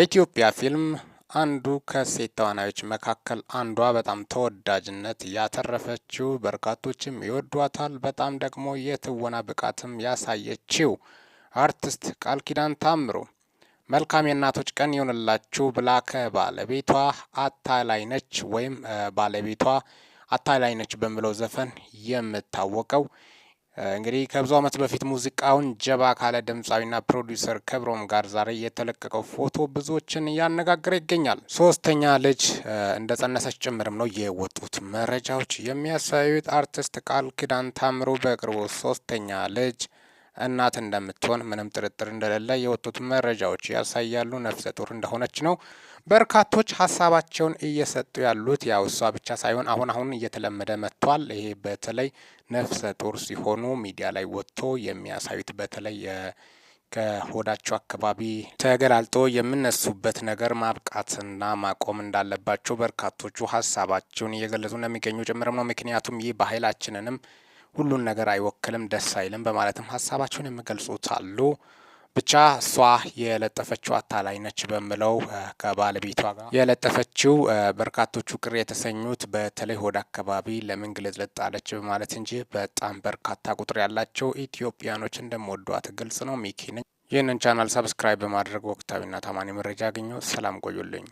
በኢትዮጵያ ፊልም አንዱ ከሴት ተዋናዮች መካከል አንዷ በጣም ተወዳጅነት ያተረፈችው በርካቶችም ይወዷታል። በጣም ደግሞ የትወና ብቃትም ያሳየችው አርቲስት ቃል ኪዳን ታምሩ መልካም የእናቶች ቀን ይሆንላችሁ ብላ ከባለቤቷ አታላይ ነች ወይም ባለቤቷ አታላይነች ነች በሚለው ዘፈን የምታወቀው እንግዲህ ከብዙ ዓመት በፊት ሙዚቃውን ጀባ ካለ ድምፃዊና ፕሮዲውሰር ክብሮም ጋር ዛሬ የተለቀቀው ፎቶ ብዙዎችን እያነጋገረ ይገኛል። ሶስተኛ ልጅ ጸነሰች ጭምርም ነው የወጡት መረጃዎች የሚያሳዩት። አርቲስት ቃል ኪዳን ታምሩ በቅርቡ ሶስተኛ ልጅ እናት እንደምትሆን ምንም ጥርጥር እንደሌለ የወጡት መረጃዎች ያሳያሉ። ነፍሰ ጡር እንደሆነች ነው በርካቶች ሀሳባቸውን እየሰጡ ያሉት። ያው እሷ ብቻ ሳይሆን አሁን አሁን እየተለመደ መጥቷል። ይሄ በተለይ ነፍሰ ጡር ሲሆኑ ሚዲያ ላይ ወጥቶ የሚያሳዩት በተለይ ከሆዳቸው አካባቢ ተገላልጦ የሚነሱበት ነገር ማብቃትና ማቆም እንዳለባቸው በርካቶቹ ሀሳባቸውን እየገለጹ እንደሚገኙ ጭምርም ነው። ምክንያቱም ይህ ባህላችንንም ሁሉን ነገር አይወክልም፣ ደስ አይልም በማለትም ሀሳባቸውን የሚገልጹት አሉ። ብቻ እሷ የለጠፈችው አታላይ ነች በምለው ከባለቤቷ ጋር የለጠፈችው በርካቶቹ ቅር የተሰኙት በተለይ ሆድ አካባቢ ለምን ግልጥልጥ አለች በማለት እንጂ በጣም በርካታ ቁጥር ያላቸው ኢትዮጵያኖች እንደምወዷት ግልጽ ነው። ሚኪ ነኝ። ይህንን ቻናል ሰብስክራይብ በማድረግ ወቅታዊና ታማኒ መረጃ ያገኘው። ሰላም ቆዩልኝ።